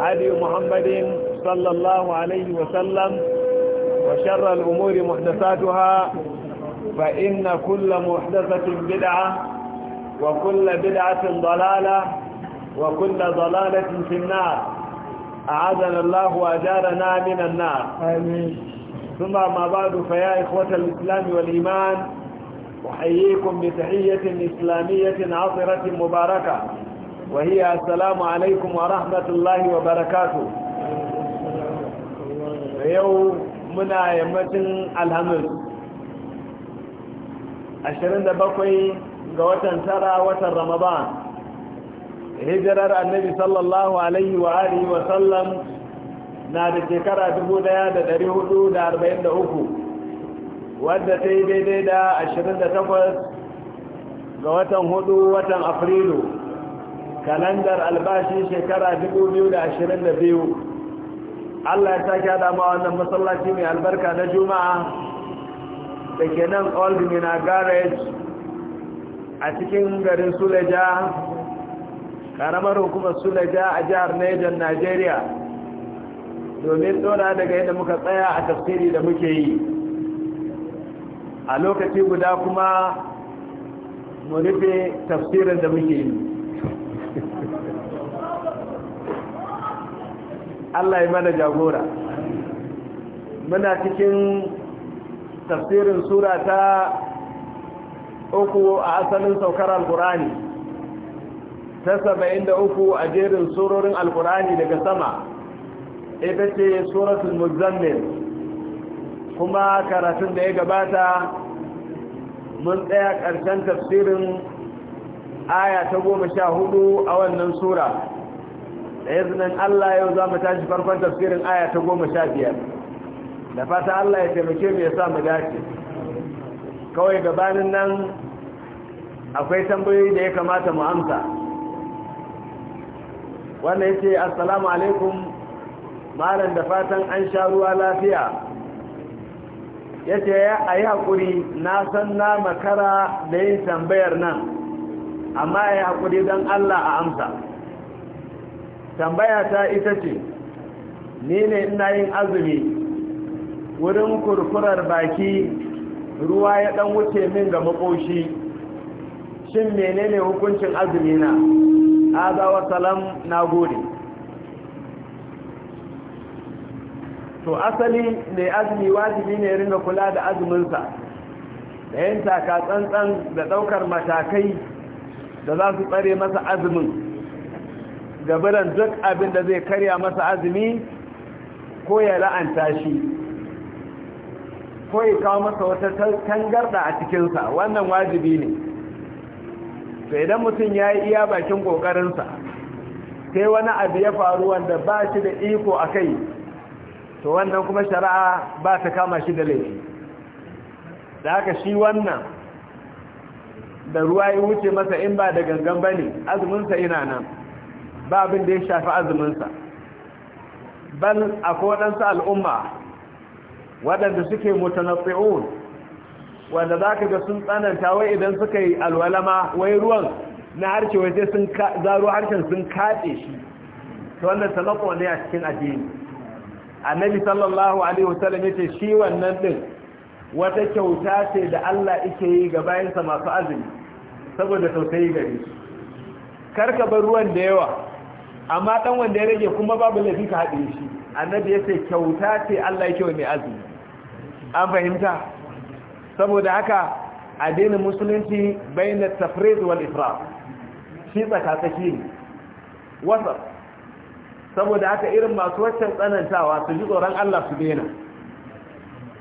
هدي محمد صلى الله عليه وسلم وشر الأمور محدثاتها فإن كل محدثة بدعة وكل بدعة ضلالة وكل ضلالة في النار أعاذنا الله وأجارنا من النار آمين ثم ما بعد فيا إخوة الإسلام والإيمان أحييكم بتحية إسلامية عطرة مباركة وهي السلام عليكم ورحمة الله وبركاته يوم منا يمتن الهمل ashirin da bakwai ga watan tara watan ramadan hijirar annabi sallallahu alaihi wa wa sallam na da shekara uku, wadda ta yi daidai da ashirin da takwas ga watan hudu watan afrilu kalandar albashi shekara 2022 Allah ya sake hada ma wannan masallaci mai albarka na juma'a da ke nan old mina garage a cikin garin suleja ƙaramar hukumar suleja a jihar niger nigeria domin tsora daga yadda muka tsaya a tafsiri da muke yi a lokaci guda kuma mu rufe tafsirin da muke yi Allah ya mana jagora muna cikin tafsirin sura ta uku a asalin saukar alkurani ta saba'in da uku a jerin surorin alkurani daga sama ita ce suratul muzammil kuma karatun da ya gabata mun tsaya ƙarshen tafsirin aya ta goma sha hudu a wannan sura da izinin Allah yau za mu tashi farkon tafsirin aya ta goma sha biyar da fata Allah ya taimake mu ya sa mu dace kawai gabanin nan akwai tambayoyi da ya kamata mu amsa wannan yace assalamu alaikum malam da fatan an sha ruwa lafiya yace a yi haƙuri na san na makara da yin tambayar nan amma ya haƙuri don Allah a amsa tambaya ta ita ce ni ne ina yin azumi wurin kurkurar baki ruwa ya dan wuce min ga makoshi shin menene hukuncin azumi na wa salam na gode to asali mai azumi wajibi ne ringa kula da azuminsa da yin taka tsantsan da daukar matakai da za su tsare masa azumin gabaran duk abin da zai karya masa azumi ko ya la'anta shi ko ya kawo masa wata tangarda a cikinsa wannan wajibi ne Sai idan mutum ya yi iya bakin ƙoƙarinsa sai wani abu ya faru wanda ba shi da iko a kai to wannan kuma shari'a ba ta kama shi da laifi da haka shi wannan da ruwa ya wuce masa in ba da gangan ba ne azuminsa ina nan ba abin da ya shafi azuminsa ban akwai waɗansu al'umma waɗanda suke mutanatsi'un wanda za ka ga sun tsananta wai idan suka yi alwalama wai ruwan na harshe wai sai sun zaro harshen sun kaɗe shi ta wannan tanakwa ne a cikin addini annabi sallallahu alaihi wasallam yace shi wannan ɗin wata kyauta ce da allah ike yi ga bayansa masu azumi saboda tausayi gare shi karka bar ruwan da yawa amma dan wanda ya rage kuma babu laifi ka haɗe shi annabi ya ce kyauta ce Allah yake wa mai azumi an fahimta saboda haka addinin musulunci bayyana tafrid wal israf shi tsakatsaki ne wasa saboda haka irin masu waccan tsanantawa su ji tsoron Allah su daina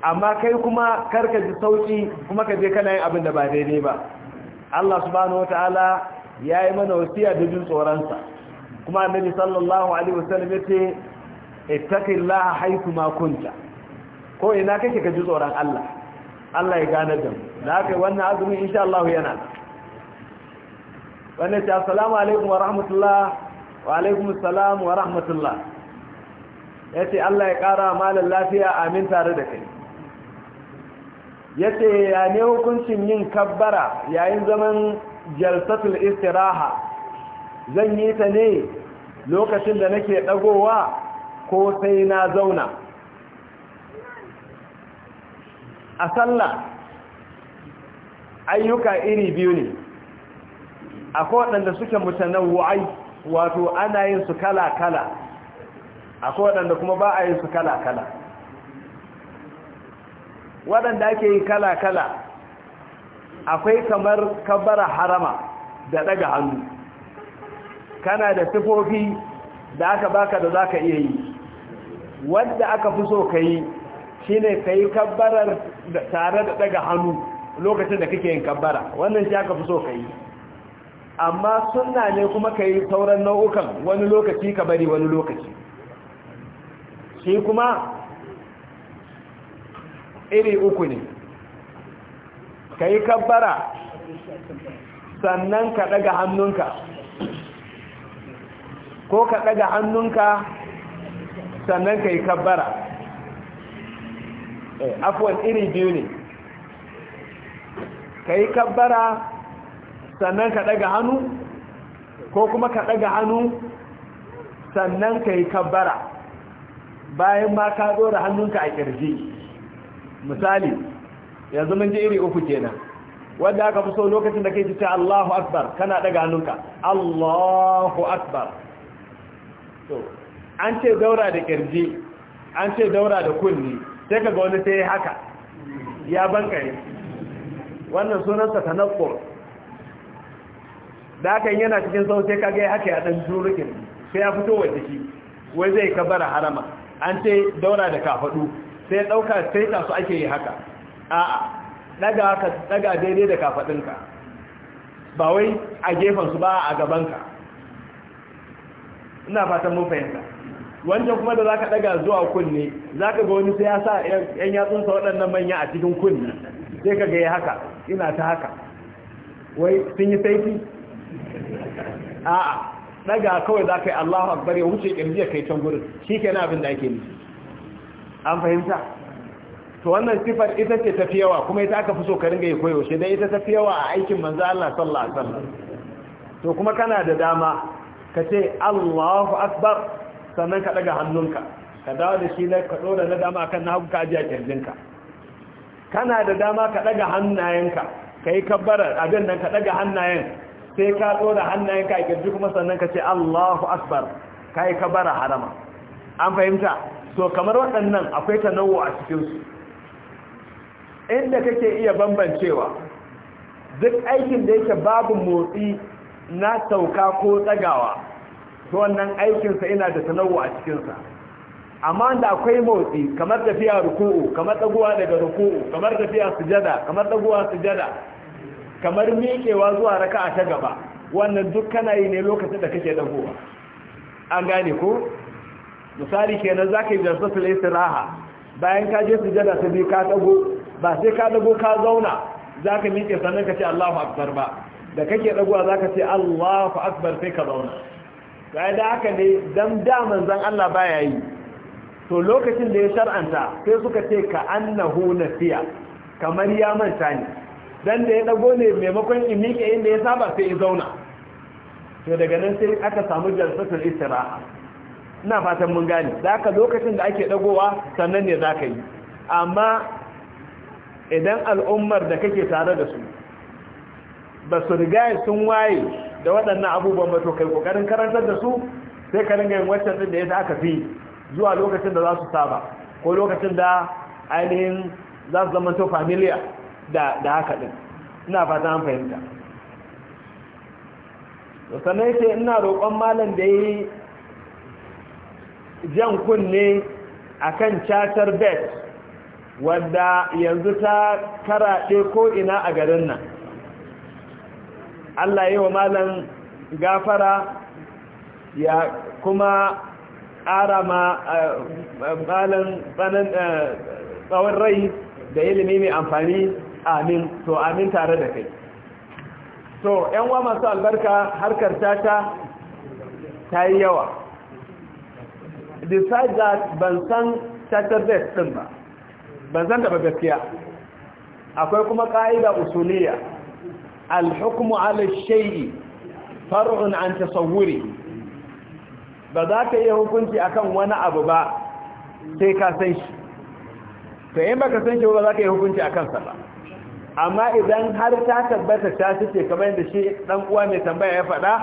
amma kai kuma karka ji sauki kuma ka je kana yin abin da ba daidai ba Allah subhanahu wataala yayi mana wasiya da jin tsoron sa kuma annabi sallallahu alaihi wasallam yace ittaqillaha haythu ma kunta ko ina kake ka ji tsoron Allah Allah ya gane da mu da kai wannan azumi insha Allah yana wannan ta assalamu alaikum wa rahmatullah wa alaikum assalam wa rahmatullah yace Allah ya kara malan lafiya amin tare da kai yace ya ne hukuncin yin kabbara yayin zaman jalsatul istiraha zan yi ta ne lokacin da nake ɗagowa ko sai na zauna a sallah ayyuka iri biyu ne akwai wadanda suke wa'ai wato ana yin su kala-kala akwai wadanda kuma ba a yin su kala-kala waɗanda ake yi kala-kala akwai kamar kabbara harama da ɗaga hannu kana da sifofi da aka baka da zaka iya yi wanda aka fi so ka yi shine ka yi kabbarar tare da daga hannu lokacin da kake yin kabbara wannan shi aka fi so ka yi amma sunna ne kuma ka yi sauran nau'ukan wani lokaci ka bari wani lokaci shi kuma iri uku ne ka yi kabbara sannan ka daga hannunka ko ka ɗaga hannunka sannan ka yi kabbara eh, afuwan iri biyu ne ka yi kabbara sannan ka ɗaga hannu ko kuma ka ɗaga hannu sannan ka yi kabbara bayan ma ka ɗora hannunka a ƙirji misali yanzu mun ji iri uku kenan wadda aka fi so lokacin da ke ci ta Allahu Akbar kana ɗaga hannunka Allahu Akbar an ce daura da kirji an ce daura da kulli sai ka ga wani sai haka ya bankare wannan sunansa tanakkur da yi yana cikin sau sai kaga ya haka ya dan jurukin sai ya fito wa jiki wai zai kabara harama an ce daura da kafadu sai dauka sai ta su ake yi haka a'a daga haka daga daidai da kafadinka ba wai a gefen su ba a gabanka ina fatan mun fahimta wancan kuma da za ka ɗaga zuwa kunne za ka ga wani sai ya sa ‘yan yatsunsa waɗannan manya a cikin kunne sai ka ga ya haka ina ta haka wai sun yi saiti a'a ɗaga kawai za ka yi allahu akbar ya wuce ƙirji ya kai can gurin shi ke abin da ake nufi an fahimta to wannan sifar ita ce tafi yawa kuma ita aka fi so ka ringa yi koyaushe Dan ita tafi yawa a aikin manzo Allah sallallahu alaihi wasallam to kuma kana da dama ka ce allahu akbar sannan ka daga hannunka ka dawo da shi na ka ɗora na dama kan na hagu ka ajiye kirjinka kana da dama ka daga hannayenka ka yi kabbarar abin nan ka daga hannayen sai ka ɗora hannayenka a kirji kuma sannan ka ce allahu akbar ka yi kabbara harama an fahimta so kamar waɗannan akwai ta tanawo a cikinsu inda kake iya bambancewa duk aikin da yake babu motsi na sauka ko tsagawa to wannan aikinsa ina da sanawo a cikinsa amma da akwai motsi kamar tafiya ruku'u kamar dagowa daga ruku'u kamar tafiya sujada kamar dagowa sujada kamar miƙewa zuwa raka'a ta gaba wannan duk kana yi ne lokacin da kake dagowa an gane ko misali kenan zakai yi jarsatul istiraha bayan ka je sujada ta biyu ka dago ba sai ka dago ka zauna zaka miƙe sannan ka ce Allahu akbar ba da kake raguwa za ka ce allahu akbar sai ka zauna sai da haka ne don daman zan allah baya yi to lokacin da ya shar'anta sai suka ce ka annahu nasiya kamar ya manta ne dan da ya dago ne maimakon in miƙe inda ya saba sai ya zauna to daga nan sai aka samu jalsatul istiraha ina fatan mun gane da haka lokacin da ake dagowa sannan ne zaka yi amma idan al'ummar da kake tare da su ba su riga sun waye da waɗannan abubuwan ba to kai kokarin karantar da su sai ka ringa yin waccan din da ya aka fi zuwa lokacin da za su saba ko lokacin da ainihin za su zama to familiya da da haka din ina fata an fahimta to sannan yace ina roƙon malam da yi jan kunne akan charter bet wanda yanzu ta karaɗe ko ina a garin nan Allah yi wa malan gafara ya kuma ƙara ma eh, malan eh, tsawon rai da ilimi mai amfani amin to amin tare da kai to yan wa masu albarka harkar tata ta yi yawa decide that ban san saturday din ba ban san da ba gaskiya akwai kuma ƙa'ida usuliya alhukumu ala shay'i far'un an tasawwuri ba za ka iya hukunci akan wani abu ba sai ka san shi to in baka san shi ba za ka iya hukunci akan sa ba amma idan har ta tabbata ta ce kamar da shi dan uwa mai tambaya ya faɗa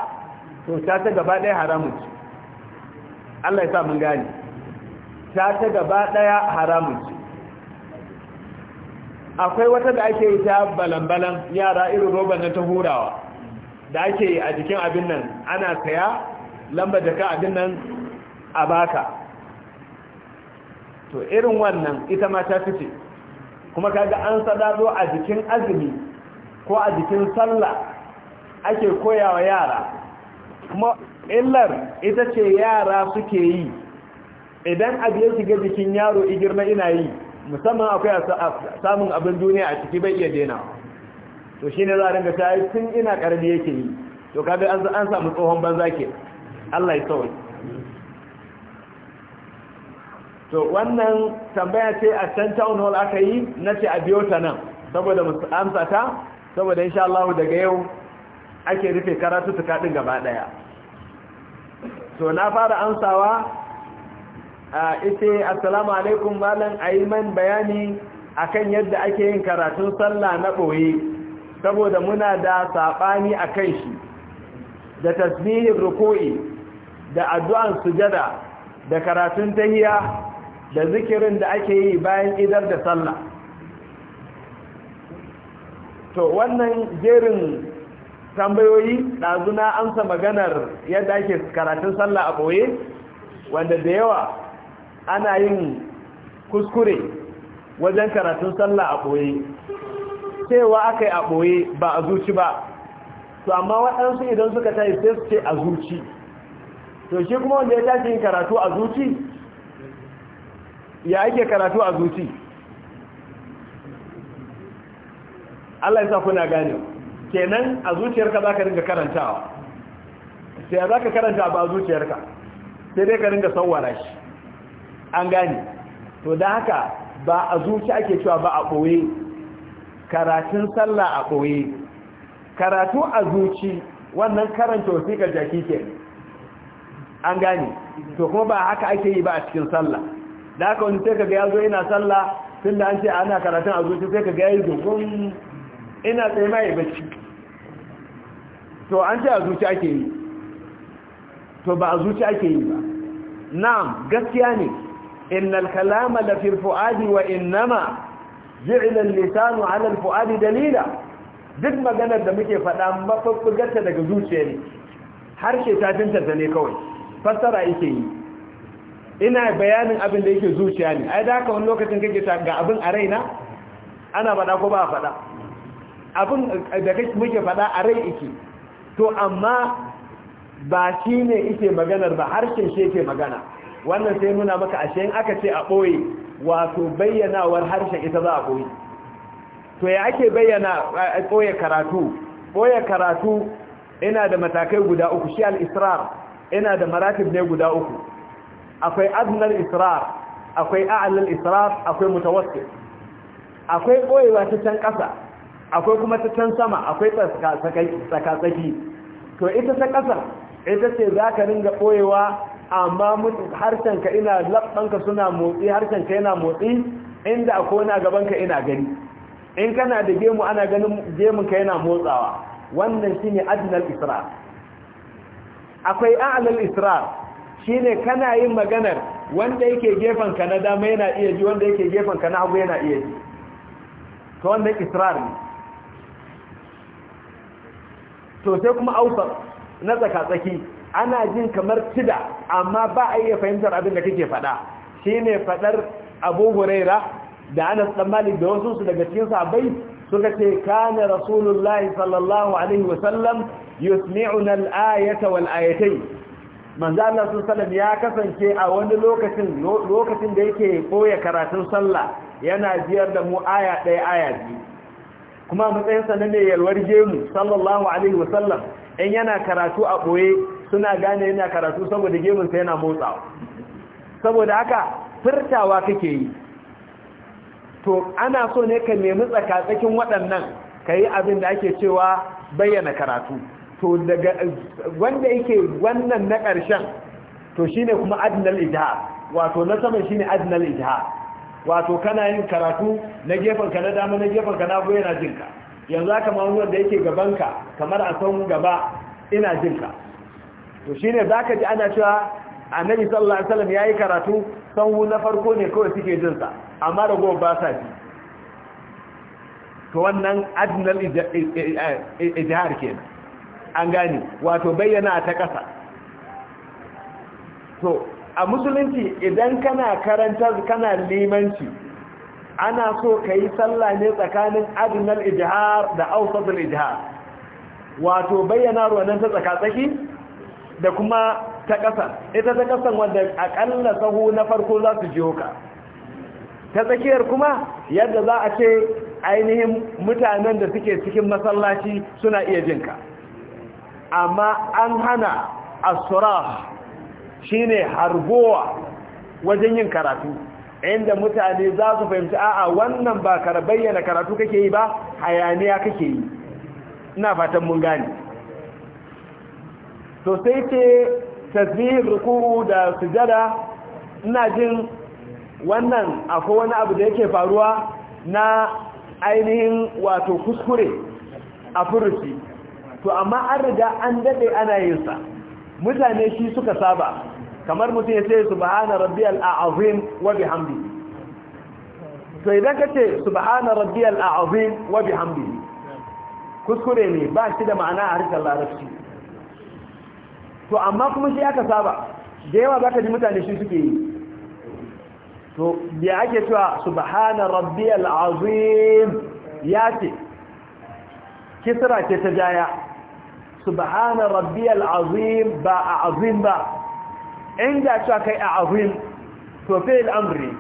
to ta ta gaba ɗaya haramun ce Allah ya sa mun gane ta ta gaba ɗaya haramun ce akwai wata da ake yi ta balambalan yara irin roban na ta hurawa da ake yi a jikin abin nan ana saya lamba jaka abin nan a baka to irin wannan ita ma ta fice kuma kaga an sadado a jikin azumi ko a jikin sallah ake koyawa yara kuma illar ita ce yara suke yi idan abu ya shiga jikin yaro igirma ina yi musamman akwai samun abin duniya a ciki bai iya dena to shi ne za a ta yi tun ina ƙarfi yake yi to kabe an samu tsohon banza ke allah ya tsawai to wannan tambaya ce a can town hall aka yi na ce a biyo ta nan saboda mu amsa ta saboda insha Allah daga yau ake rufe karatu ta kadin gaba daya to na fara amsawa ita assalamu alaikum malam A yi man bayani akan yadda ake yin karatun sallah na boye saboda muna da saɓani a akan shi da tasbihin ruku'i da addu'an sujada da karatun tahiyya da zikirin da ake yi bayan idar da sallah to wannan jerin tambayoyi na amsa maganar yadda ake karatun sallah a boye wanda da yawa ana yin kuskure wajen karatun sallah a ɓoye cewa aka yi a ɓoye ba a zuci ba to amma waɗansu idan suka yi sai su ce a zuci to shi kuma wanda ya tashi yin karatu a zuci ya ake karatu a zuci Allah ya sa kuna gane kenan a zuciyarka za ka ringa karantawa sai za ka karanta ba a zuciyarka sai dai ka ringa sauwara shi an gane to da haka ba a zuci ake cewa ba a ɓoye karatun sallah a ɓoye karatu a zuci wannan karanta wasiƙar jaki ke an gane to kuma ba haka ake yi ba a cikin sallah da haka wani sai kaga ya zo yana sallah tun da an ce ana karatun a zuci sai kaga ya yi dogon ina tsaye mai bacci to an ce a zuci ake yi to ba a zuci ake yi ba na'am gaskiya ne إن الكلام لفي الفؤاد وإنما جعل اللسان على الفؤاد دليلا duk maganar da muke faɗa mafafugarta daga zuciya ne harshe ta tantance ne kawai fassara ike yi ina bayanin abin da yake zuciya ne ai da haka wani lokacin kake ta ga abin a raina ana faɗa ko ba a faɗa abin da kake muke faɗa a rai yake to amma ba ne yake maganar ba harshen shi ke magana wannan sai nuna maka ashe in aka ce a ɓoye wato bayyanawar harshen ita za a ɓoye to ya ake bayyana a ɓoye karatu ɓoye karatu ina da matakai guda uku shi al-israr ina da maratib ne guda uku akwai adnal israr akwai a'lal israr akwai mutawassit akwai ɓoyewa ta can ƙasa akwai kuma ta can sama akwai tsakatsaki to ita ta ƙasa ita ce za ka ringa ɓoyewa amma harshenka ina labbanka suna motsi harshenka yana motsi inda akwai na gabanka ina gani in kana da gemu ana ganin gemunka yana motsawa wannan shine adnal israr akwai a'lal israr shine kana yin maganar wanda yake gefanka na dama yana iya ji wanda yake gefanka na hagu yana iya ji to wannan israr ne to sai kuma ausar na tsaka tsaki ana jin kamar tida amma ba a iya fahimtar abin da kake faɗa shine faɗar abu huraira da anas dan malik da wasu su daga cikin sahabbai suka ce kana rasulullahi sallallahu alaihi wa sallam yusmi'una al-ayata wal ayatayn manzo Allah sallallahu ya kasance a wani lokacin lokacin da yake koya karatun sallah yana jiyar da mu aya ɗaya aya biyu kuma matsayin sa ne yalwar gemu sallallahu alaihi wa sallam in yana karatu a ɓoye. suna gane yana karatu saboda gemunsa yana motsawa saboda haka firtawa kake yi to ana so ne ka nemi tsakatsakin waɗannan ka yi abin da ake cewa bayyana karatu to daga wanda yake wannan na ƙarshen to shine kuma adinal ijiha wato na saman shine adinal ijiha wato kana yin karatu na gefen ka na dama na gefen ka na goye na jinka yanzu haka ma wanda yake gabanka, kamar a san gaba ina jinka to shi ne za ka ji ana cewa annabi sallallahu alaihi wasallam yi karatu sanwu na farko ne kawai suke jinsa. amma da gobe ba sa ji to wannan adinal ijihar kenan an gane wato bayyana ta kasa to a musulunci idan kana karanta kana limanci ana so ka yi sallah ne tsakanin adinal ijihar da ausar ijihar wato bayyana nan ta tsakatsaki da kuma ta ƙasa ita ta ƙasa wanda aƙalla sahu na farko za su jiho ka ta tsakiyar kuma yadda za a ce ainihin mutanen da suke cikin masallaci suna iya jinka amma an hana shi ne harbowa wajen yin karatu inda mutane za su fahimci a'a wannan ba bayyana karatu kake yi ba hayaniya kake yi ina fatan mun gane to sai ce tasbihin ruku'u da sujada ina jin wannan akwai wani abu da yake faruwa na ainihin wato kuskure a furuci to amma an riga an daɗe ana yin sa mutane shi suka saba kamar mutum ya ce subhana rabbiyal a'azim wa bihamdi to idan kace ce subhana rabbiyal a'azim wa bihamdi kuskure ne ba shi da ma'ana a harshen larabci to amma kuma shi aka saba da yawa za ka ji mutane shi suke yi to da ake cewa subhana rabbiyal azim ya ce kisra ce ta jaya subhana rabbi azim ba a azim ba inda cewa kai a azim to fi'il amri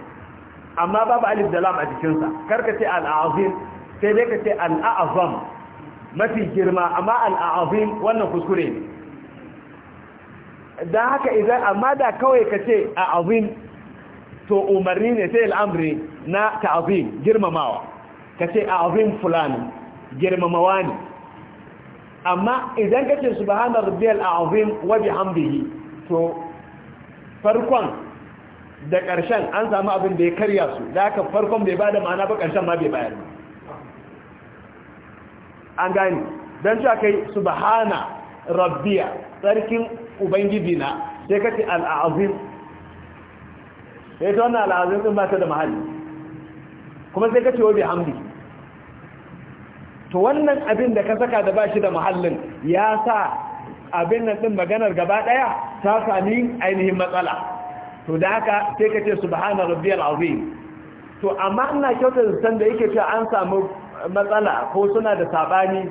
amma babu alif da lam a jikinsa karka ce al-azim sai dai ka ce al-azam mafi girma amma al-azim wannan kuskure ne don haka idan amma da kawai ka ce a azim to umarni ne sai al'amri na ta'azim girmamawa ka ce a azim fulani girmamawa ne amma idan ka ce subhana rabbiyal azim wa bihamdihi to farkon da ƙarshen an samu abin da ya karya su da haka farkon bai bada ma'ana ba ƙarshen ma bai bayar ba an gani don cewa kai subhana rabbiya tsarkin ubangiji na sai ka ce al'azim sai ta wannan al'azim din ba ta da mahalli kuma sai ka ce wa hamdi to wannan abin da ka saka da ba shi da mahallin ya sa abin nan din maganar gaba daya ta sami ainihin matsala to da haka sai ka ce subhana rabbiyal azim to amma ina kyautar san da yake cewa an samu matsala ko suna da sabani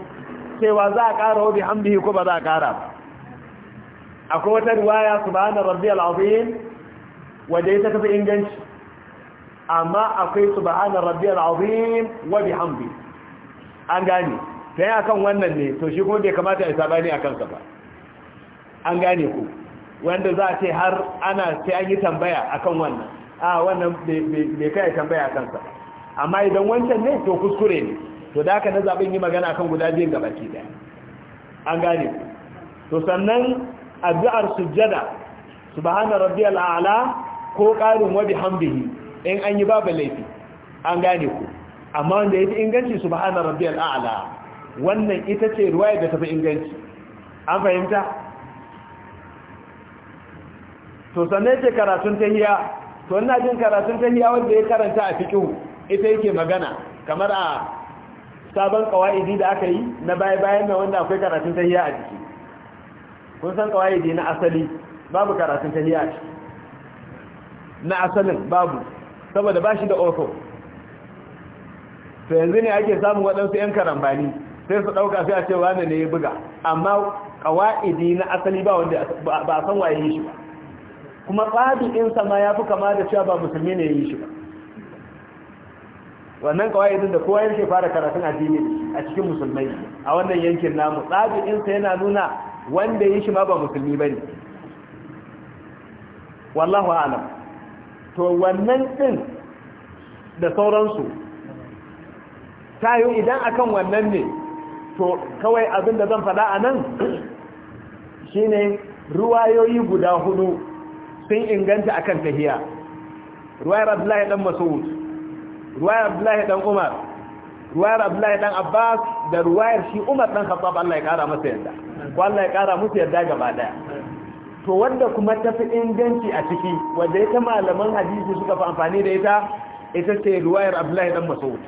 cewa za a ƙara wabi hamdi ko ba za a ƙara ba akwai wata riwaya subhana rabbi al’azim wadda ta tafi inganci amma akwai subhana rabbi al’azim wadda hambi an gane ta yi akan wannan ne to shi kuma bai kamata ya sabani a kansa ba an gane ku wanda za a ce har ana sai an yi tambaya akan wannan a wannan bai kai tambaya a kansa amma idan wancan ne to kuskure ne to da aka na zaɓin yi magana kan guda biyun gabaki daya an gane ku to sannan addu'ar sujjada subhana rabbiyal a'la ko ƙarin wa bihamdihi in an yi babu laifi an gane ku amma wanda yafi inganci subhana rabbiyal a'la wannan ita ce ruwaya da fi inganci an fahimta to sannan ce karatun hiya to ina jin karatun hiya wanda ya karanta a fiqh ita yake magana kamar a sabon kawaidi da aka yi na baya-bayan nan wanda akwai karatun hiya a jiki kun san kawaidi na asali babu karatun tahiyya na asalin babu saboda bashi da ofo to yanzu ne ake samun waɗansu 'yan karambani sai su ɗauka sai a ce wane ne ya buga amma kawaidi na asali ba wanda ba san waye yi shi ba kuma in sama ya fi kama da cewa ba musulmi ne ya yi shi ba wannan kawaidin da kowa yake fara karatun addini a cikin musulmai a wannan yankin namu sa yana nuna wanda yi shi ma ba musulmi ba ne. wallahu a'lam to wannan din da sauransu ta yi idan akan wannan ne to kawai abin da zan faɗa a nan ne ruwayoyi guda hudu sun inganta akan tahiya ruwayar abdullahi dan mas'ud ruwayar abdullahi dan umar ruwayar abdullahi dan abbas da ruwayar shi umar dan khattab Allah ya kara masa yadda ko Allah ya kara musu yarda gaba daya to wanda kuma tafi inganci a ciki wanda ita malaman hadisi suka fi amfani da ita ita ce ruwayar Abdullahi dan Mas'ud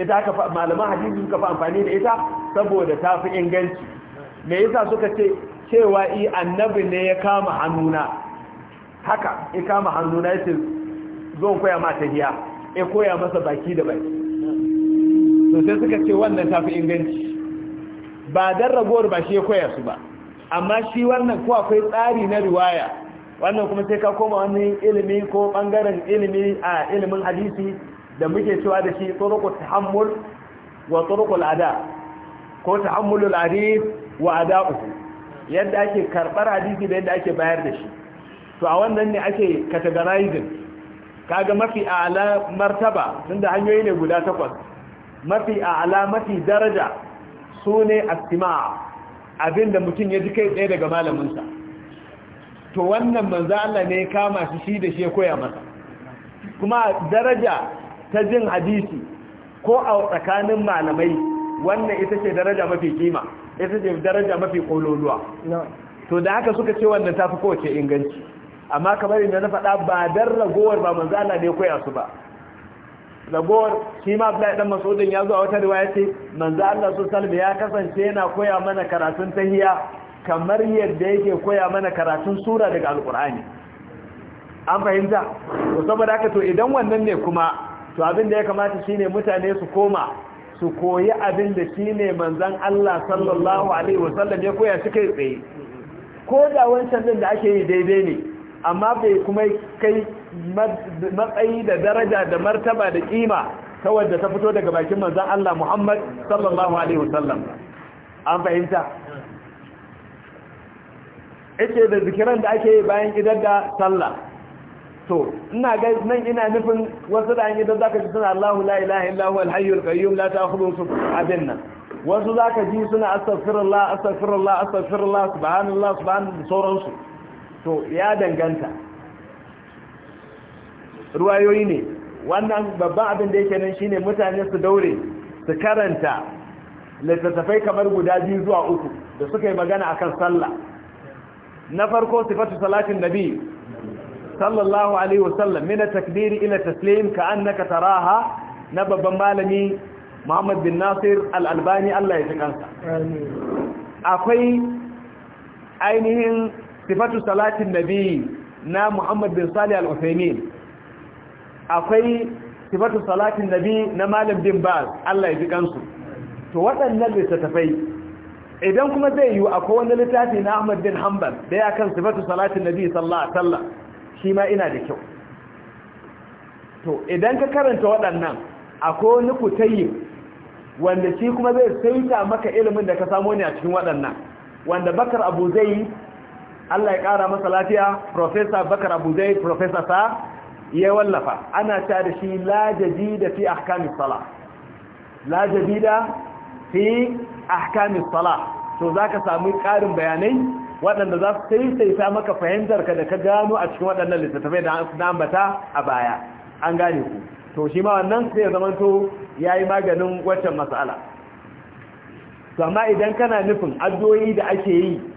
ita ka malaman hadisi suka fi amfani da ita saboda ta fi inganci me yasa suka ce cewa i annabi ne ya kama hannuna haka ya kama hannuna yace zo koya ma tahiya ya koya masa baki da baki to sai suka ce wannan ta fi inganci ba dan ragowar ba shi ya koya su ba amma shi wannan ko akwai tsari na riwaya wannan kuma sai ka koma wani ilimi ko bangaren ilimi a ilimin hadisi da muke cewa da shi turuqut tahammul wa turuqul ada ko tahammulul hadis wa ada'uhu yadda ake karɓar hadisi da yadda ake bayar da shi to a wannan ne ake categorizing kaga mafi a'la martaba tunda hanyoyi ne guda takwas mafi a'la mafi daraja Sune ne astima abinda mutum ya ji kai tsaye daga malaminsa to wannan manzo Allah ne kama shi shi da shi ya koya masa kuma daraja ta jin hadisi ko a tsakanin malamai wannan ita ce daraja mafi kima ita ce daraja mafi kololuwa to da haka suka ce wannan tafi kowace inganci amma kamar inda na faɗa ba dan ragowar ba manzo Allah ne koya su ba ragowar shi ma dan Mas'udin ya zo a wata riwaya ce manzo Allah su salme ya kasance yana koya mana karatun tahiya kamar yadda yake koya mana karatun sura daga alkur'ani an fahimta to saboda haka to idan wannan ne kuma to abin da ya kamata shine mutane su koma su koyi abin da shine manzon Allah sallallahu alaihi wasallam ya koya suke tsaye ko da wancan din da ake yi daidai ne amma bai kuma kai matsayi da daraja da martaba da kima ta wadda ta fito daga bakin manzan Allah Muhammad sallallahu alaihi wasallam an fahimta yake da zikiran da ake bayan idan da sallah to ina ga nan ina nufin wasu da idan zaka ji suna Allahu la ilaha illahu alhayyul al la qayyum la su abin nan wasu zaka ji suna astaghfirullah astaghfirullah astaghfirullah subhanallah subhan sauransu to ya danganta ruwayoyi ne wannan babban abin da yake nan shine mutane su daure su karanta littattafai kamar guda biyu zuwa uku da suka yi magana akan sallah na farko sifatu salatin nabi sallallahu alaihi wasallam min takbiri ila taslim ka annaka taraha na babban malami Muhammad bin Nasir al-Albani Allah ya ji kansa akwai ainihin sifatu salatin nabi na Muhammad bin Salih al akwai sifatu salatin nabi na Malam bin Baz Allah ya ji kansu to waɗannan littattafai idan kuma zai yi akwai wani littafi na Ahmad bin Hanbal da ya kan sifatu salatin nabi sallallahu alaihi wasallam shi ma ina da kyau to idan ka karanta waɗannan akwai wani kutayi wanda shi kuma zai saita maka ilimin da ka samu ne a cikin waɗannan wanda Bakar Abu Zayd Allah ya ƙara masa lafiya Profesa Bakar Abu Zai, Profesa sa ya wallafa ana ta da shi lajaji da fi ahkami sala. Lajaji da fi sala. So to ka samu ƙarin bayanai waɗanda za su taisaita maka fahimtar ka da ka gano a cikin waɗannan littattafai da an ambata a baya an gane ku to shi ma wannan sai ya zamanto yayi maganin waccan mas'ala Sama idan kana nufin addu'o'i da ake yi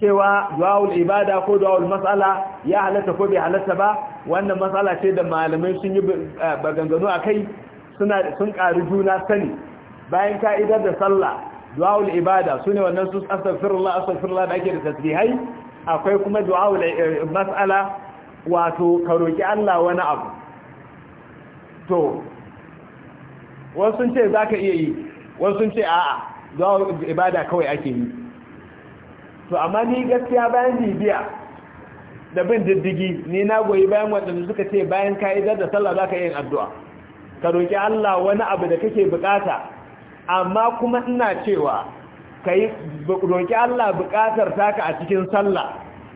cewa du'a'ul ibada ko du'a'ul mas'ala ya halatta ko bai halatta ba wannan mas'ala ce da malamai sun yi baganganu eh, akai suna sun ƙari juna sani bayan ka idar da sallah du'a'ul ibada sune wannan su astaghfirullah astaghfirullah da ake da tasbihai akwai kuma du'a'ul eh, mas'ala wato ka roki Allah wani abu to wasu sun ce zaka iya yi wasu sun ce a'a du'a'ul ibada kawai ake yi to amma ni gaskiya bayan bibiya da bin diddigi ni na goyi bayan waɗanda suka ce bayan ka'idar da sallah za ka yi addu'a ka roƙi Allah wani abu da kake bukata amma kuma ina cewa ka yi roƙi Allah bukatar taka a cikin sallah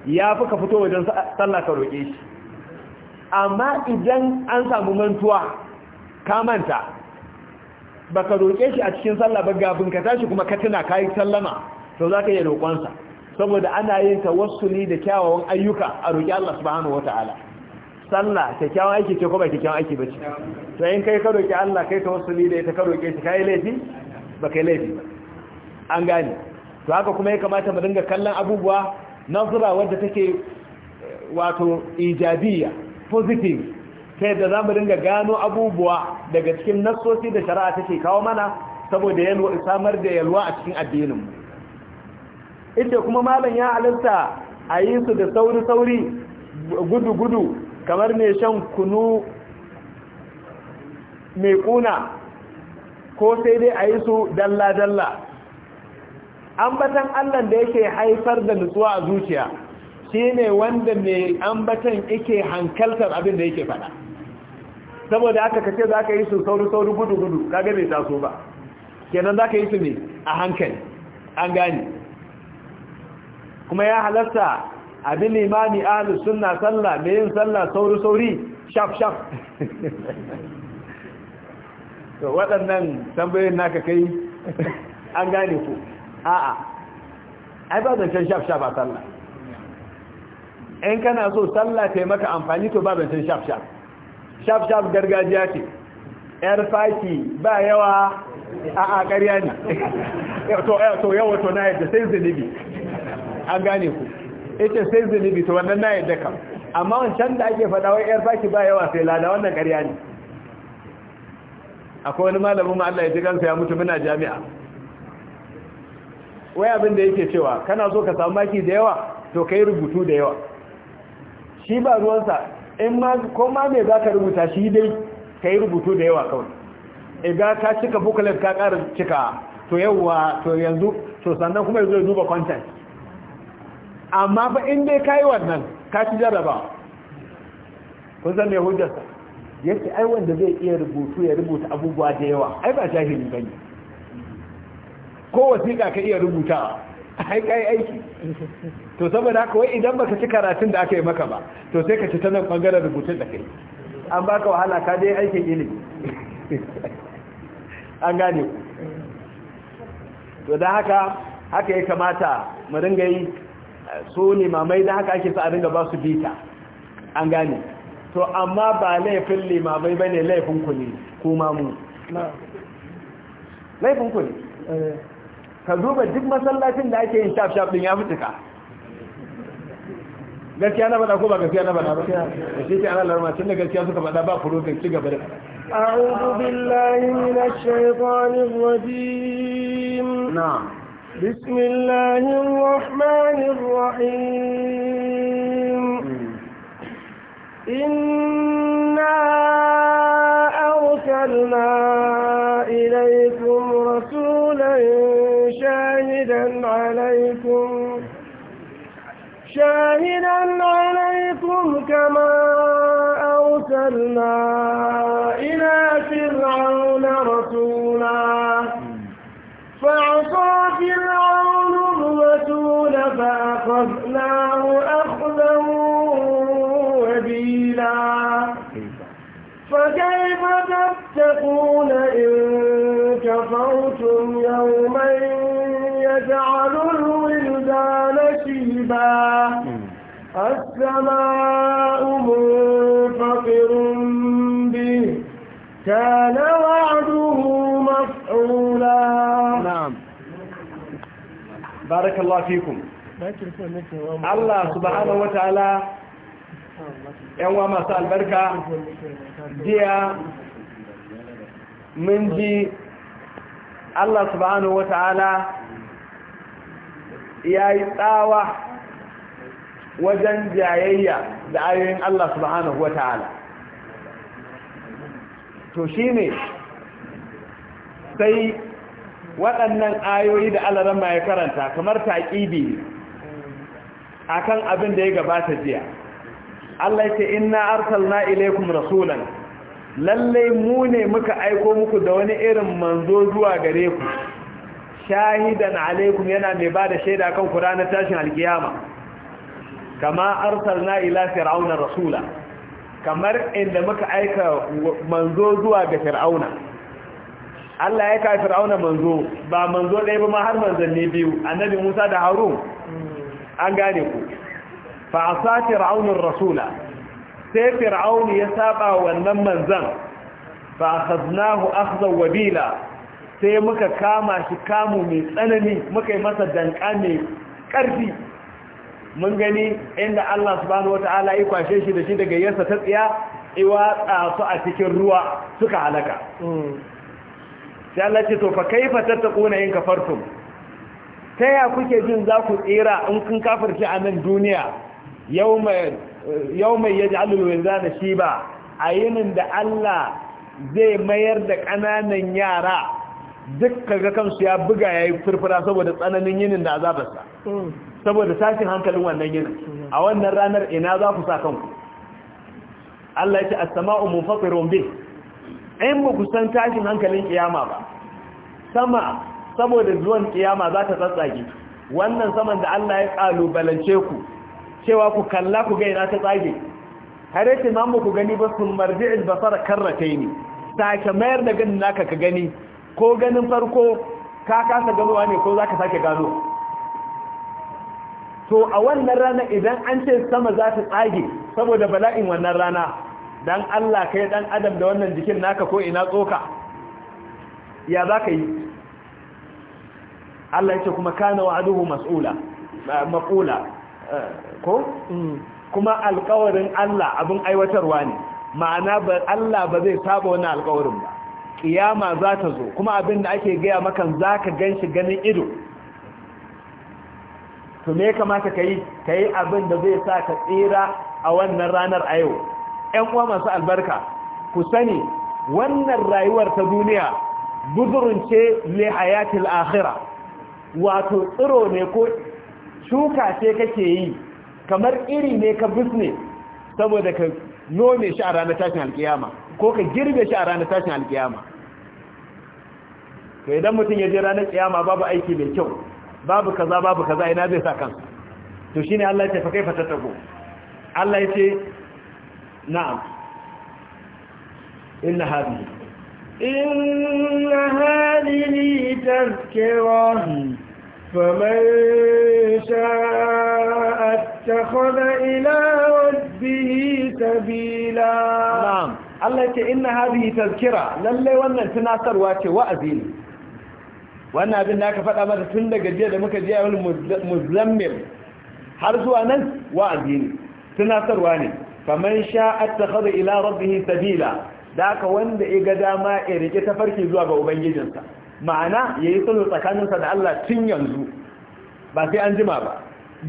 ya fi fito wajen sallah ka roƙe shi amma idan an samu mantuwa ka manta ba ka roƙe shi a cikin sallah ba gafin ka tashi kuma ka tuna ka yi sallama to za ka iya roƙonsa saboda ana yin tawassuli da kyawawan ayyuka a roƙi Allah subhanahu wataala sallah kyakkyawan aiki ce ko ba kyakkyawan aiki ba ce to in kai ka roƙi Allah kai tawassuli da ita ka roƙe shi kai laifi ba kai laifi an gane to haka kuma ya kamata mu dinga kallon abubuwa nazara wadda take eh, wato ijabiyya positive ta da za mu dinga gano abubuwa daga cikin nassosi da shari'a take kawo mana saboda samar da yalwa a cikin addininmu inda kuma malam ya halitta a yi su da sauri-sauri gudu-gudu kamar mai shan kunu mai kuna ko sai dai a yi su dalla-dalla ambatan allan da yake haifar da nutsuwa a zuciya shi ne wanda mai ambatan yake hankaltar abin da yake fada saboda aka kace za ka yi su sauri-sauri gudu-gudu kaga mai taso ba kenan za ka yi su ne a hankali an gani kuma ya halarta abin limami ahli sunna sallah mai yin sallah sauri sauri shaf shaf to waɗannan tambayoyin naka kai an gane ku a'a ai ba zancen shaf shaf a sallah in kana so sallah ta maka amfani to ba zancen shaf shaf shaf shaf gargajiya ce yar faki ba yawa a'a ƙarya ne to yawa to na yadda sai zunubi an gane ku ita sai zunubi to wannan na yadda kam amma wancan da ake faɗa wa yar baki ba yawa sai lada wannan ƙarya ne akwai wani malamin ma Allah ya ji kansa ya mutu muna jami'a wai abin da yake cewa kana so ka samu maki da yawa to kai rubutu da yawa shi ba ruwansa in ma ko ma me za ka rubuta shi dai kai rubutu da yawa kawai ega ka cika booklet ka ƙara cika to yawa to yanzu to sannan kuma yanzu ya duba content amma ba in dai kayi wannan ka ci jaraba. kun san ya hujjarsa yace ai wanda zai iya rubutu ya rubuta abubuwa da yawa ai ba ba ne. ko wasiƙa ka iya rubuta ai kai aiki to saboda haka wai idan baka ci karatun da aka yi maka ba to sai ka ci ta nan bangaren rubutun da kai an baka wahala ka dai aikin ilimi an gane ku to da haka haka ya kamata mu ringa yi so ne mamai da haka ake sa a dinga ba su bita an gane to amma ba laifin limamai ba ne laifin ku ne kuma mu laifin ku ne eh. ka zuba duk masallacin da ake yin shaf-shaf din ya fituka gaskiya na bada ko ba gaskiya na bada ba shi ke ana larma tun da gaskiya suka bada ba furo ga ci gaba da أعوذ بالله من الشيطان الرجيم نعم بسم الله الرحمن الرحيم إنا أرسلنا إليكم رسولا شاهدا عليكم شاهدا عليكم كما أرسلنا إلى فرعون رسولا فعصى فرعون الرسول فأخذناه أخذا وبيلا فكيف تتقون إن كفرتم يوما يجعل الولدان شيبا السماء منفطر به كان barakallahu fikum Allah subhanahu wataala yan wa masu albarka jiya mun ji Allah subhanahu wataala ya yi tsawa wajen jayayya da ayoyin Allah subhanahu wataala to shine sai waɗannan ayoyi da alaran ya karanta kamar taƙibi a kan abin da ya gabata jiya Allah ce inna arsalna ilaikum rasulan lallai mu ne muka aiko muku da wani irin manzo zuwa gare ku shahidan alaikum yana mai ba da shaida kan ku ranar tashin alkiyama kama arsalna ila fir'auna rasula kamar inda muka aika manzo zuwa ga fir'auna Allah ya kai fir'auna manzo ba manzo ɗaya ba ma har manzanni biyu annabi Musa da Harun an gane ku fa asa fir'aunur rasula sai Firauni ya saba wannan manzan fa khaznahu akhdan wabila sai muka kama shi kamu mai tsanani muka yi masa danka mai karfi mun gani inda Allah subhanahu wataala ya kwashe shi da shi daga yarsa ta tsiya iwa su a cikin ruwa suka halaka mm. sai Allah ce to fa kaifa tattaquna in kafartum ta ya kuke jin za ku tsira in kun kafirci a nan duniya yawmai da wizana shiba a yinin da Allah zai mayar da ƙananan yara duk kaga kansu ya buga yayi furfura saboda tsananin yinin da azabarsa hmm. saboda sashin hankalin wannan yinin hmm. a wannan ranar ina za ku sa kanku Allah ya ce as-sama'u munfatirun bih in ba kusan tashin hankalin kiyama ba sama saboda zuwan kiyama za ta tsatsage wannan saman da Allah ya kalubalance ku cewa ku kalla ku gaina ta tsage har yace ma ku gani ba sun marji'il basar karrataini sake mayar da ganin naka ka gani ko ganin farko ka kasa ganowa ne ko zaka sake gano to a wannan rana idan an ce sama za ta tsage saboda bala'in wannan rana dan Allah kai dan adam da wannan jikin naka ko ina tsoka ya za ka yi Allah ya ce kuma kana wa'aduhu mas'ula maqula eh, ko mm. kuma alƙawarin Allah abin aiwatarwa ne ma'ana ba Allah ba zai saba wannan alƙawarin ba kiyama za ta zo kuma abin da ake gaya makan zaka ganshi ganin ido to me kamata kai kai abin da zai sa ka tsira a wannan ranar a 'yan uwa masu albarka ku sani wannan rayuwar ta duniya buzurin ce le hayatil akhira wato tsiro ne ko shuka ce kake yi kamar iri ne ka bisne saboda ka nome shi a ranar tashin alkiyama ko ka girbe shi a ranar tashin alkiyama to idan mutum ya je ranar kiyama babu aiki mai kyau babu kaza babu kaza ina zai sa kansa to shine Allah ya ce fa kaifa tattago Allah ya ce نعم إن هذه إن هذه تذكرة فمن شاء اتخذ إلى ربه سبيلا نعم الله إن هذه تذكرة لن وانا تناصر واتي وأذين وانا أبن ناك فتح ماذا تندق جيدا جيد مكا جيدا مزلمم حرسوا أنا وأذين تناصر واني faman sha'a takhadha ila rabbih sabila da aka wanda ya ga dama ya rike tafarki zuwa ga ubangijinsa ma'ana yayi sulhu tsakaninsa da Allah tun yanzu ba sai an jima ba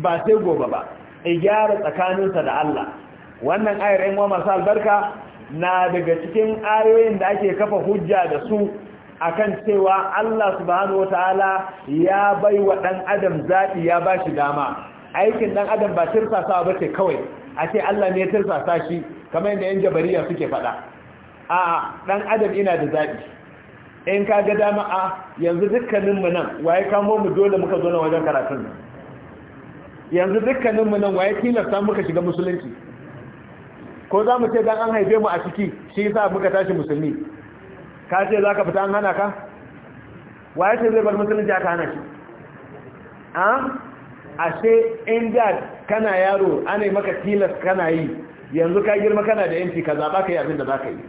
ba sai gobe ba ya gyara tsakaninsa da Allah wannan ayar ɗan masu albarka na daga cikin ayoyin da ake kafa hujja da su akan cewa Allah subhanahu wataala ya bai wa ɗan adam zaɓi ya bashi dama aikin ɗan adam ba sa ba ce kawai a ce Allah ne ya tursasa shi kamar yadda yan jabariya suke faɗa a ɗan adam ina da zaɓi in ka ga dama a yanzu dukkaninmu nan waye kamo mu dole muka zo na wajen karatun nan yanzu dukkaninmu nan waye tilasta muka shiga musulunci ko za mu ce dan an haife mu a ciki shi yasa muka tashi musulmi ka ce za ka fita an hana ka waye ce zai bar musulunci aka hana shi A in da kana yaro ana yi maka tilas kana yi yanzu ka girma kana da yanci ka zaɓa ka yi abinda za ka yi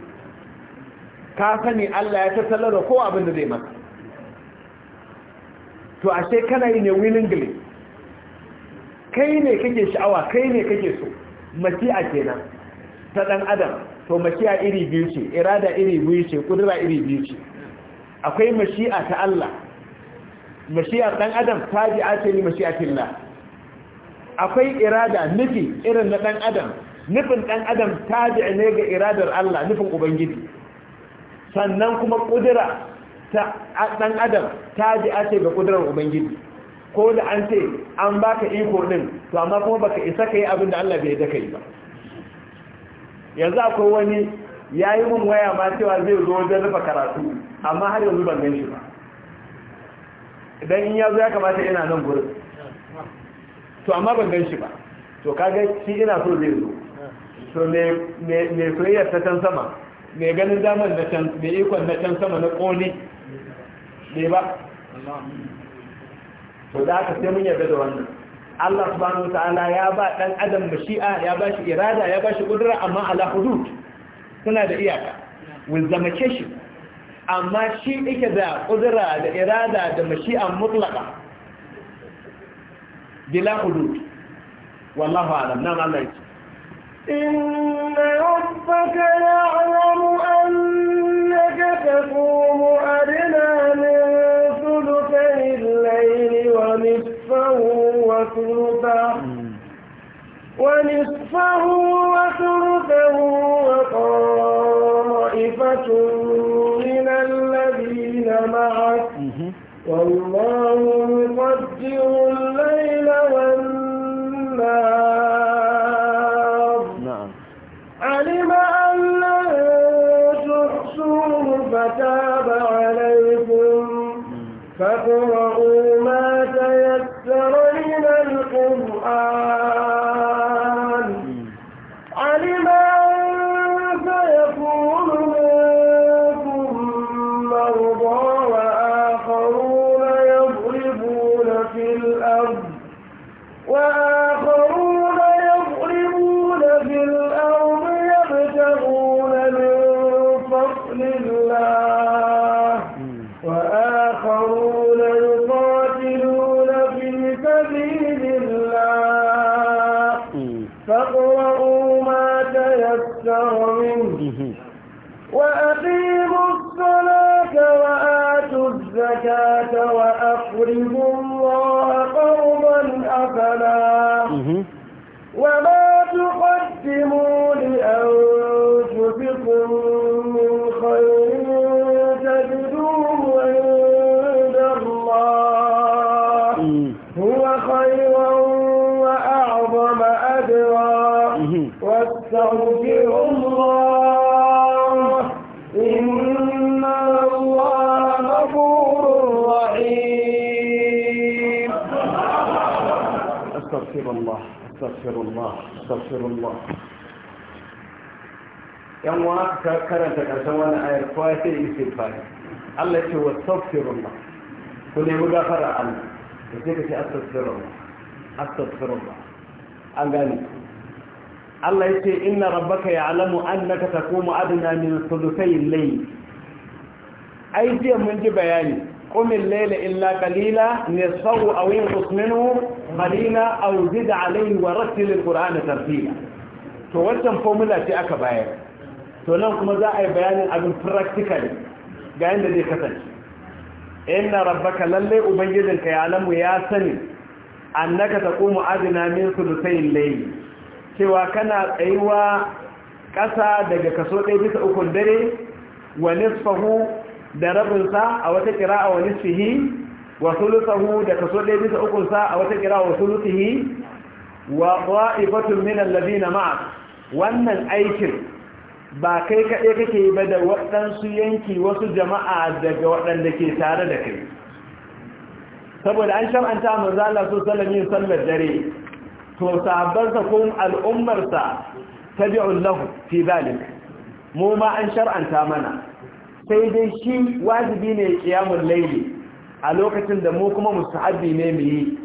ka sani Allah ya tattalar da ko abinda zai maka to ce kana yi ne willingly kai ne kake sha'awa kai ne kake so a kenan ta dan adam to a iri biyu ce irada iri biyu ce kudura iri biyu ce akwai mashi'a ta Allah mashiyar dan adam tabi'a ce ni mashiyatillah akwai irada nufi irin na dan adam nufin dan adam tabi'a ne ga iradar Allah nufin ubangiji sannan kuma kudura ta dan adam tabi'a ce ga kudurar ubangiji ko da an ce an baka iko din to amma kuma baka isa kai abin da Allah bai da kai ba yanzu akwai wani yayi mun waya ma cewa zai zo wajen rufa karatu amma har yanzu ban gan ba Idan in ya ya kamata ina nan gurin to amma ban gan shi ba to kaga shi ina so zai zo to me soyayyar ta can sama me ganin damar na can me ikon na can sama na koli ne ba to da aka sai mun yarda da wannan Allah subhanahu ta'ala ya ba dan adam mashi'a ya ba shi irada ya ba shi kudura amma ala hudud suna da iyaka ke shi? amma shi ike da ƙudura da irada da mashi'an mutlaka bila hudud wallahu alam nan Allah yake inna rabbaka ya'lamu annaka taqumu adna min thuluthay al-layli wa nisfahu wa thuluthahu ونصفه وثلثه وطائفة معك والله يقدر الليل والنهار نعم علم أن لن تحصوه فتاب عليكم فاقرأوا الله استغفر الله يوم واحد كرنت كرسوان اير فايتي يسير الله يقول استغفر الله كل يقول غفر الله يقول استغفر الله استغفر الله أغاني الله يقول إن ربك يعلم أنك تقوم أدنى من ثلثي الليل أي شيء من جبياني قم الليل إلا قليلا نصفه أو ينقص منه marina au zida alaihi wa rattilil qur'ana tartila to wannan formula ce aka bayar to nan kuma za a yi bayanin abin practically ga yanda zai kasance inna rabbaka lalle ka ya lamu ya sani annaka taqumu adna min thuluthayn layl cewa kana tsayuwa ƙasa daga kaso ɗaya bisa ukun dare wa nisfahu da rabinsa a wata ƙira'a wa nisfihi wa sulusahu da kaso ɗaya bisa ukun sa a wata kira wa sulusihi wa qa'ifatun min ma'a wannan aikin ba kai kaɗai kake yi ba da waɗansu yanki wasu jama'a daga waɗanda ke tare da kai saboda an shar'anta manzo Allah so sallam yin sallar dare to sahabbansa ko al'ummarsa ta lahu fi zalik mu ma an shar'anta mana sai dai shi wajibi ne qiyamul layli a lokacin da mu kuma mustahabbi ne mu yi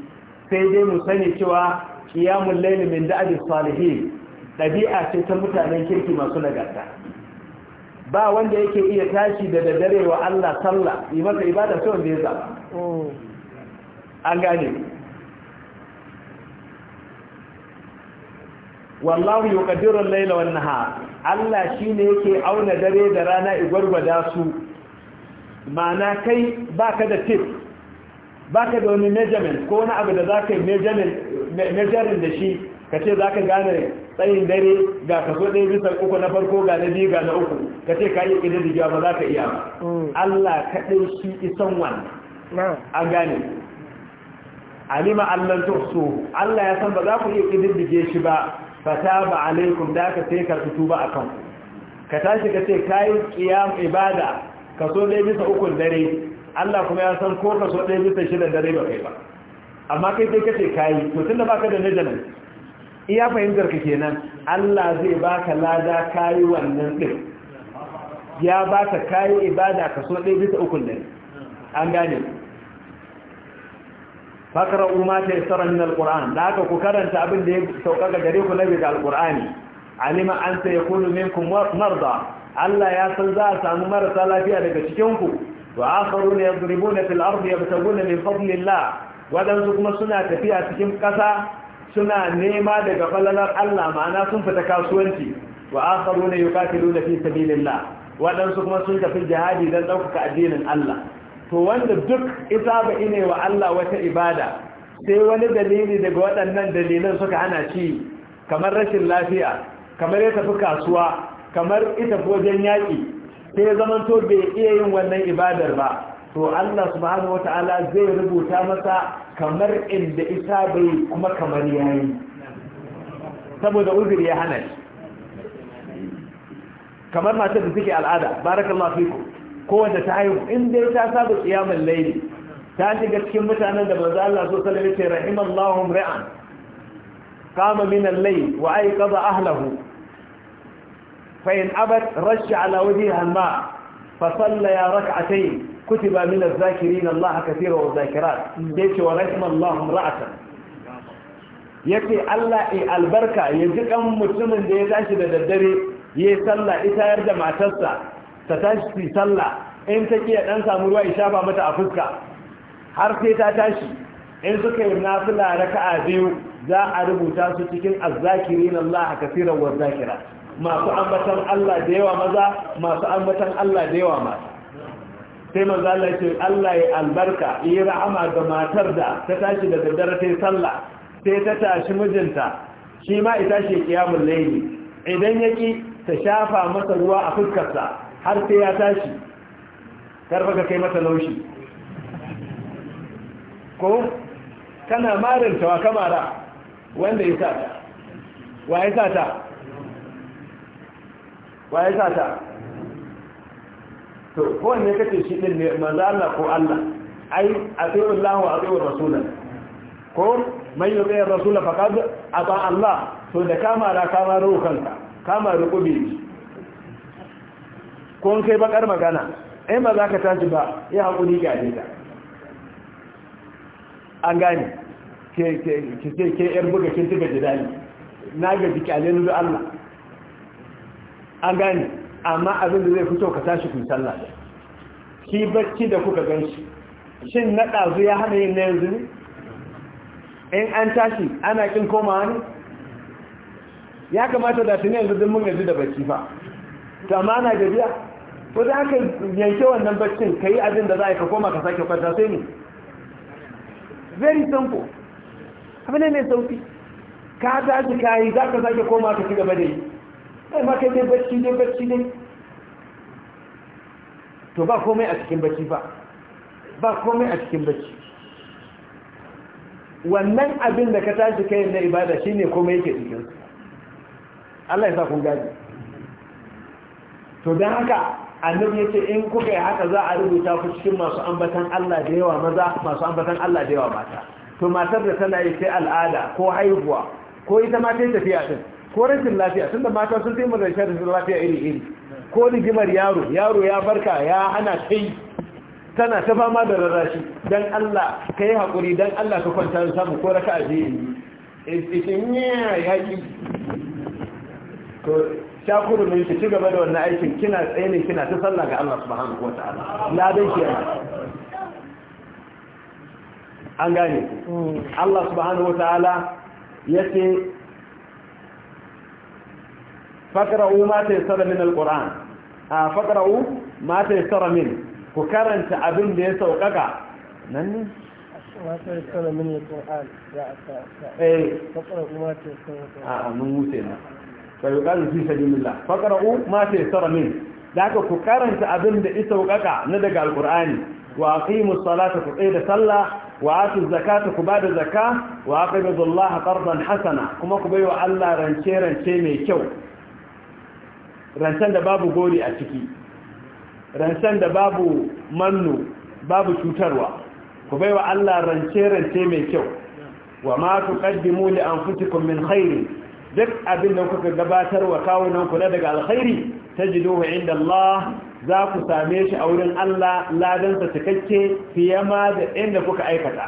sai dai mu sani cewa qiyamul layl min da'abi salihin dabi'a ce ta mutanen kirki masu nagarta ba wanda yake iya tashi da dare wa Allah sallah yi masa ibada sai wanda ya zaba an gane wallahu yuqaddiru al-layla wan nahar Allah shine yake auna dare da rana igwargwada su ma'ana kai baka da tip baka da wani measurement ko wani abu da za ka yi measurement da shi ka ce za ka gane tsayin dare ga kaso ɗaya bisa uku na farko ga na biyu ga na uku ka ce ka yi ƙididdigewa ba za ka iya ba mm. Allah kaɗai shi isan wani A gane alima Allah tuhsu Allah ya san ba za ku iya ƙididdige shi ba ta ba alaikum da ka sai karfi tuba ba akan ku ka tashi ka ce ka yi ƙiyam ibada kaso ɗaya bisa ukun dare Allah kuma ya san ko kaso ɗaya bisa shidan dare ba kai ba amma kai sai kace kai to tunda baka da najalan iya fahimtar ka kenan Allah zai baka lada kayi wannan din ya baka kai ibada kaso ɗaya bisa ukun dare an gane fakara umma ta isra min alquran da haka ku karanta abin da ya sauka ga gare ku na da alqurani alima an sayakunu minkum marda Allah ya san za a samu marasa lafiya daga cikinku wa akharuna yadribuna fil ardi yabtaguna min fadlillah wadansu kuma suna tafiya cikin ƙasa suna nema daga falalar Allah ma'ana sun fita kasuwanci wa akharuna yuqatiluna fi sabilillah wadansu kuma sun tafi jihadi dan ɗaukaka addinin Allah to wanda duk isaba ine wa Allah wata ibada sai wani dalili daga waɗannan dalilan suka hana ci kamar rashin lafiya kamar ya tafi kasuwa kamar ita wajen yaƙi sai zaman to bai iya yin wannan ibadar ba to Allah subhanahu ta'ala zai rubuta masa kamar inda isa bai kuma kamar yayi saboda uzuri ya hana shi kamar matar da suke al'ada barakallahu fiku ko wanda ta haihu in dai ta saba qiyamul layli ta shiga cikin mutanen da manzo Allah so sallallahu alaihi wa sallam rahimallahu ra'an qama min al-layl wa ayqadha فإن أبت رش على وجهها الماء فصليا ركعتين كتب من الذاكرين الله كثيرا والذاكرات يتي ورحم الله امرأة يتي الله البركة يجيك أم مسلم دي تاشي ددري يسلى إتا يرجع مع تسا تتاشي سلى إن تكي أنسى مروا إشابة متى أفسك حرفي تتاشي إن سكي نافلة ركعة ديو za a rubuta su cikin azzakiri na Allah a kafiran wa zakira masu ambatan Allah da yawa maza masu ambatan Allah da yawa mata sai maza Allah ce Allah ya albarka yi rahama ga matar da ta tashi daga dare ta sallah sai ta tashi mijinta shi ma ya tashi kiyamul layli idan yaki ta shafa masa ruwa a fuskarsa har sai ya tashi karfa ka kai masa laushi ko kana marin wa kamara wanda ya sa wa ya sa ta waye sa ta to ko ne kace shi din ne manzo Allah ko Allah ai atiyu Allah wa atiyu rasulan ko mai man yuti rasula faqad ata Allah to da kama ra kama rukanka kama rukubi ko kai bakar magana Eh ba za ka tashi ba ya hakuri ga dai an gane ke ke ke ke yar buga kin tuga jidali na ga dikalin Allah an gane amma abin da zai fito ka tashi kun sallah da shi bacci da kuka gan shi shin na ɗazu ya hana yin na yanzu ne in an tashi ana ƙin komawa ne ya kamata da tuni yanzu mun yanzu da bacci fa ta ma na gajiya ko za ka yanke wannan baccin ka yi abin da za a yi ka koma ka sake kwanta sai ne very simple abin ne mai sauki ka tashi ka yi za ka sake koma ka ci gaba da yi kai ma kai dai bacci dai bacci dai to ba komai a cikin bacci ba ba komai a cikin bacci wannan abin da ka tashi kai na ibada shine komai yake cikin Allah ya sa kun gaji to don haka annabi yace in kuka yi haka za a rubuta ku cikin masu ambatan Allah da yawa maza masu ambatan Allah da yawa mata to matar da tana yi sai al'ada ko haihuwa ko ita ma sai tafiya din ko rashin lafiya tunda mata sun taimaka da da lafiya iri iri ko rigimar yaro yaro ya barka ya hana kai tana ta fama da rarrashi don Allah ka yi haƙuri don Allah ka kwanta da samu ko raka aje in yi yaƙi to shakuru ne ki ci gaba da wannan aikin kina tsaye ne kina ta sallah ga Allah subhanahu wa ta'ala ladan ki yana an gane hmm. Allah subhanahu wa ta'ala yace faƙara'u ma ta yi tsara min alƙura'an a faƙara'u ma ta yi tsara min ku karanta abin da ya sauƙaƙa nan ne? ma ta yi tsara min na ku karanta abin da isa na daga alƙur'ani wa aqimu ku tsaye da sallah wa zakata ku bada zaka wa aqbidu Allah hasana kuma ku wa Allah rance rance mai kyau ransan da babu gori a ciki ransan da babu mannu babu cutarwa ku bai wa Allah rance-rance mai kyau wa ma kaddimu li anfusikum min khairin duk abin da kuka gabatar wa kawunan ku daga alkhairi tajiduhu inda Allah za ku same shi a wurin Allah ladansa cikakke fiye ma da inda kuka aikata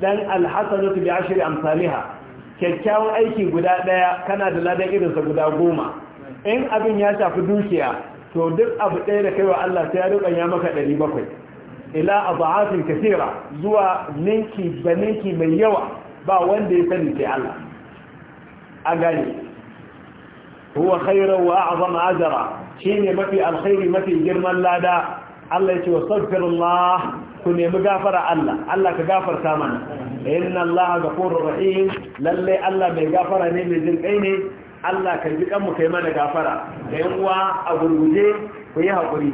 dan alhasanatu bi ashri amsalha kyakkyawan aiki guda daya kana da ladan irinsa guda goma in abin ya shafi dukiya to duk abu ɗaya da kaiwa Allah sai ya maka 700 ila adhafin kasira zuwa ninki da ninki mai yawa ba wanda ya sani sai Allah a gani huwa wa a'zama ajra shine mafi alkhairi mafi girman lada Allah ya ce wastaghfirullah ku nemi gafara Allah Allah ka gafarta mana inna Allah ghafurur rahim lallai Allah mai gafara ne mai jin kai ne Allah kan ji kanmu kai mana gafara da yan uwa a gurguje ku yi haƙuri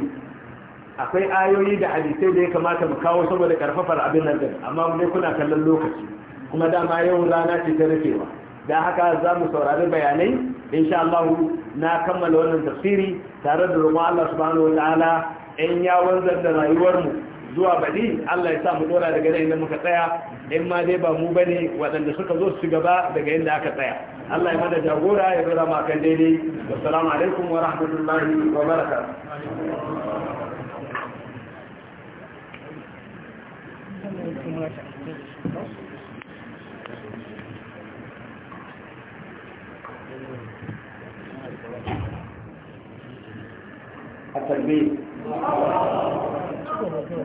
akwai ayoyi da hadisai da ya kamata mu kawo saboda karfafar abin nan din amma mu dai kuna kallon lokaci kuma dama yau rana ce ta rufewa da haka za mu saurari bayanai insha Allah na kammala wannan tafsiri tare da roƙon Allah subhanahu wataala in ya wanzar da rayuwar mu zuwa baɗi. Allah ya sa mu dora daga inda muka tsaya in ma dai ba mu bane waɗanda suka zo su gaba daga inda aka tsaya Allah ya mada jagora ya zura makan daidai assalamu alaikum wa rahmatullahi wa barakatuh التكبير